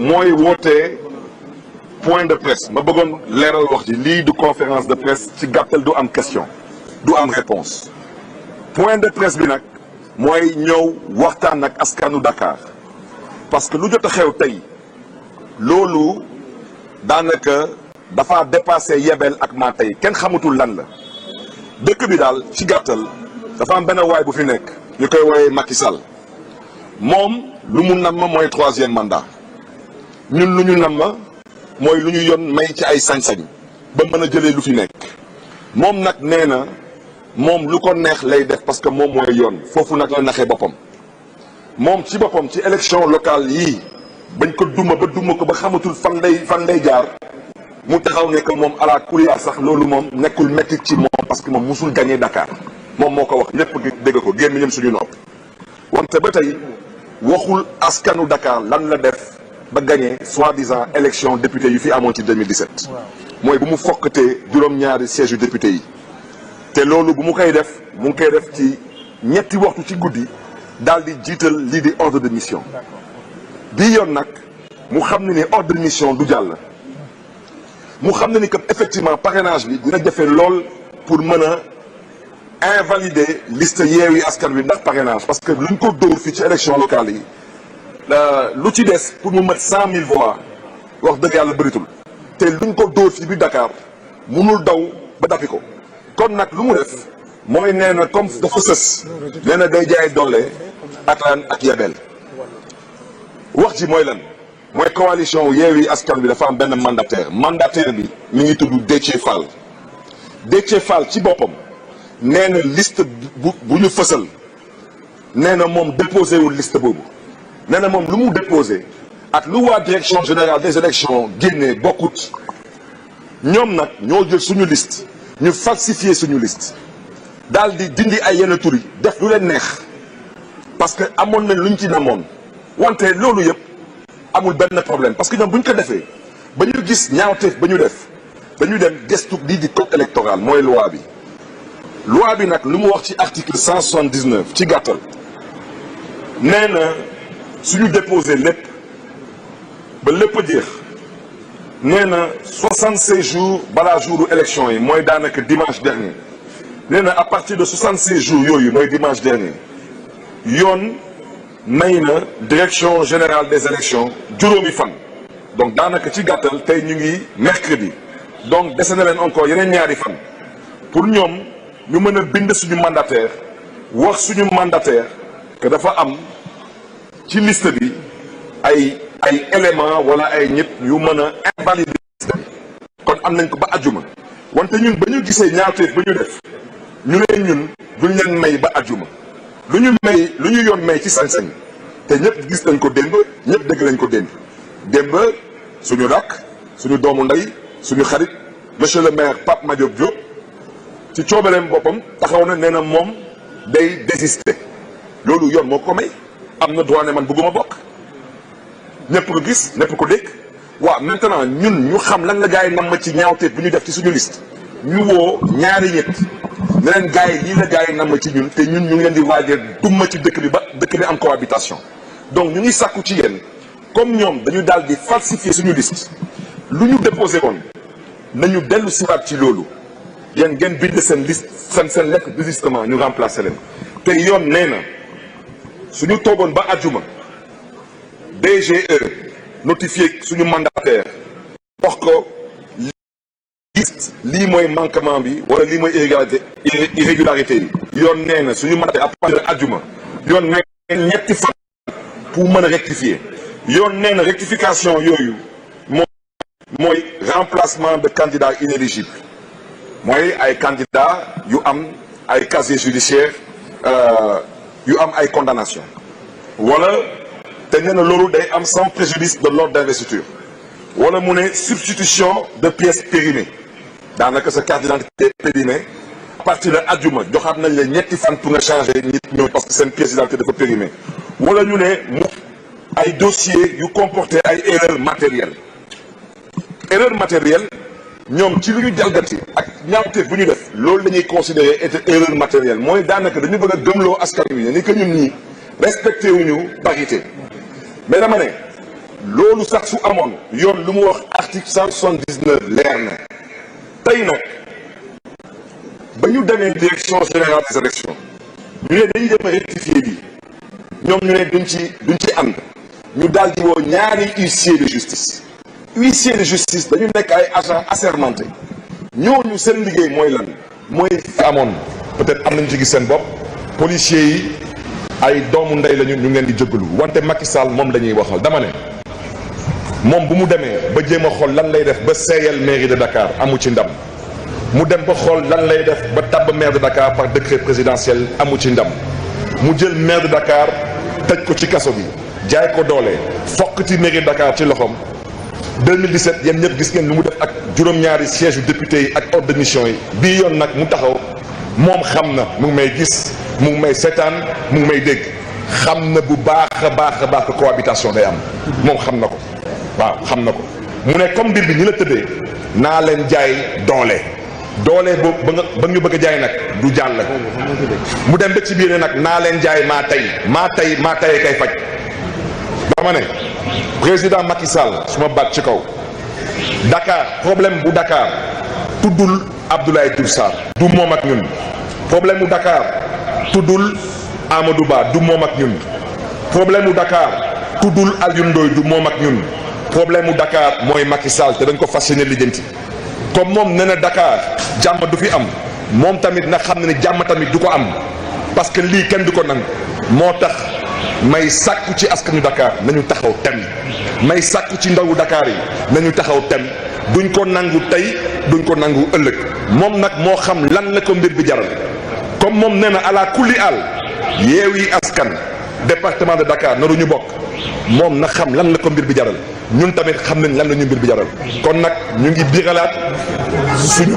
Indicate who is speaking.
Speaker 1: mooy wootee point de presse ma bëggoon leeral wax ji lii du conférence de presse ci gàttal du am question du am réponse point de presse bi nag mooy ñëw waxtaan ak askanu Dakar parce que lu jot a xew tey loolu daanaka dafa dépassé yebel ak maa tey kenn xamatul lan la dëkk bi daal ci gàttal dafa am benn waay bu fi nekk ñu koy woowee Macky moom lu mun nam ma mooy troisième mandat ñun lu ñu nam ma mooy lu ñu yoon may ci ay sañ-sañ ba mën a jëlee lu fi nekk moom nag nee na moom lu ko neex lay def parce que moom mooy yoon foofu nag la naxee boppam moom ci boppam ci élection locale yii bañ ko duma ba duma ko ba xamatul fan lay fan lay jaar mu taxaw ne que moom ala kulia sax loolu moom nekkul métti ci moom parce que moom musul gagné Dakar moom moo ko wax ñëpp dégg ko génn ñëm suñu nopp wante ba tey waxul askanu Dakar lan la def ba gagné soi-disant élection député yi fi amoon ci 2017. mooy bu mu fokkatee juróom-ñaari siège yu député yi. te loolu bu mu koy def mu ngi koy def ci ñetti waxtu ci guddi daal di jiital lii di ordre de mission. bii yoon nag mu xam ne ni ordre de mission du jàll. mu xam ne ni que effectivement parenage bi dina jafe lool pour mën a invalider liste Yewwi Askan Wi ndax parrainage parce que luñ ko dóor fii ci élection locale yi. lu ci des pour mu mat cent mille voix wax dëgg yàlla bëritul te luñ ko dóor fii bi Dakar munul daw ba dappi ko kon nag lu mu def mooy nee na comme dafa sës nee day jaay doole ataan ak yabel wax ji mooy lan mooy coalition wu Askan Wi dafa am benn mandataire mandataire bi mi ngi tudd Déthié Fall Déthié Fall ci boppam nee na liste bu bu ñu fësal nee na moom déposé wul liste boobu nee na moom lu mu déposé ak lu waa direction générale des élections génnee bokkut ñoom nag ñoo jël suñu list ñu falsifier suñu liste daal di dindi ay yenn tur def lu leen neex parce que amoon nañ ñu ci namoon wante loolu yëpp amul benn problème parce que ñoom bu ñu ko defee ba ñu gis ñaawteef ba ñu def ba ñu dem gëstu di di code électoral mooy loi bi loi bi nag lu mu wax ci article 179 ci gàttal nee na suñu déposé lépp ba lépp jeex nee na 66 jours balaa jouru élection yi mooy daanaka dimanche dernier nee na à partir de 66 jours yooyu mooy dimanche dernier yoon may na direction générale des élections juróomi fan donc daanaka ci gàttal tey ñu ngi mercredi donc dese na leen encore yeneen ñaari fan pour ñoom ñu mën a bind suñu mandataire wax suñu mandataire que dafa am ci liste bi ay ay élément wala ay ñit yu mën a invalider bi kon am nañ ko ba ajuma wante ñun ba ñu gisee ñaawteef ba ñu def ñu ne ñun duñ leen may ba ajuma lu ñu may lu ñu yoon may ci sañ-sañ te ñëpp gis nañ ko démb ñëpp dégg lañ ko démb démb suñu rakk suñu doomu ndey suñu xarit monsieur le maire Pape Madiop Diop ci coobareem boppam taxaw na nee na moom day désister loolu yoon moo ko may am na droit ne man bëgguma bokk nepp ko gis ñëpp ko dégg waaw maintenant ñun ñu xam lan la gars yi nam ma ci ñaaw ñaawteef bu ñu def ci suñu liste ñu woo ñaari ñett ne leen gars yi lii la gars yi nam ma ci ñun te ñun ñu ngi leen di waajee dumma ci dëkk bi ba dëkk bi am cohabitation donc ñu ngi sàkku ci yéen comme ñoom dañu daal di falsifier suñu liste lu ñu déposé woon nañu dellu siwaat ci loolu yéen ngeen bind seen liste seen seen lettre de ñu remplacer leen te yoon nee na suñu toogoon ba àjjuma DGE notifié suñu mandataire wax ko liste mooy manquement bi wala lii mooy irrégularité irrégularité yoon nee na suñu mandataire à partir de yoon nee na ñetti fan pour mën a yoon nee na rectification yooyu mooy mooy remplacement de candidat inéligible mooy ay candidat yu am ay casier judiciaire euh, yu am ay condamnation wala te nee na loolu day am sans préjudice de l'ordre d'investiture wala mu ne substitution de pièces périmées daanaka sa carte d'identité périmée à partir de ajuma joxaat nañ la ñetti fan pour nga changer nit ñëw parce que seen pièce d'identité dafa périmée wala ñu ne mu ay dossier yu comporté ay erreur matérielle erreur matérielle ñoom ci lu ñu jalgati ak ñaawteef bu ñu def loolu la ñuy considérer être erreur matérielle mooy daanaka dañu bëgg a gëmloo askar wi ne ni que ñu ñii respecté wuñu parité mais dama ne loolu sax su amoon yoon lu mu wax article cent soixante-dix-neuf leer na tey nag ba ñu demee direction générale des élections ñu ne dañuy dem a rectifier bi ñoom ñu ne duñ ci duñ ci ànd ñu daal di woo ñaari huissier de justice huissier de justice dañu nekk ay agent assermenté ñooñu seen liggéey mooy lan mooy fi amoon peut-être am nañu ci gis seen bopp policiers yi ay doomu ndey lañu ñu ngeen di jëggalu wante Macky Sall moom la ñuy waxal dama ne moom bu mu demee ba jéem a xool lan lay def ba seeyal mairie de Dakar amu ci ndam mu dem ba xool lan lay def ba tabb maire de Dakar par décret présidentiel amu ci ndam mu jël maire de Dakar tëj ko ci kaso bi jaay ko doole fokk ci mairie de Dakar ci loxoom 2017 yéen ñëpp gis ngeen lu mu def ak juróom-ñaari siège yu député yi ak ordre de mission yi bii yoon nag mu taxaw moom xam na mu ngi may gis mu ngi may setaan mu ngi may dégg xam na bu baax a baax baax que cohabitation day am moom xam na ko waaw xam na ko mu ne comme mbir bi ni la tëddee naa leen jaay doole doole boobu ba nga ba ñu bëgg a jaay nag du jàll mu dem ba ci biir nag naa leen jaay maa tey maa tey maa tey kay faj dama ne président Macky Sall su ma baat ci kaw Dakar problème bu Dakar tuddul Abdoulaye Diouf Sarr du moom ak ñun problème bu Dakar tuddul Amadou Ba du moom ak ñun problème bu Dakar tuddul Alioune Ndoye du moom ak ñun problème bu Dakar mooy Macky te dañ ko fas yéene lijjanti comme moom nee dakaar Dakar jàmm du fi am moom tamit na xam ne ne jàmm tamit du ko am parce que lii kenn du ko nangu moo tax may sàkku ci askanu Dakar nañu taxaw tem may sàkku ci ndawu dakaar yi nañu taxaw tem duñ ko nangu tey duñ ko nangu ëllëg moom nag moo xam lan la ko mbir bi jaral comme moom nee na ala kulli àll yeewi askan département de Dakar naru ñu bokk moom na xam lan la ko mbir bi jaral ñun tamit xam nañ lan la ñu mbir bi jaral kon nag ñu ngi biralaat suñu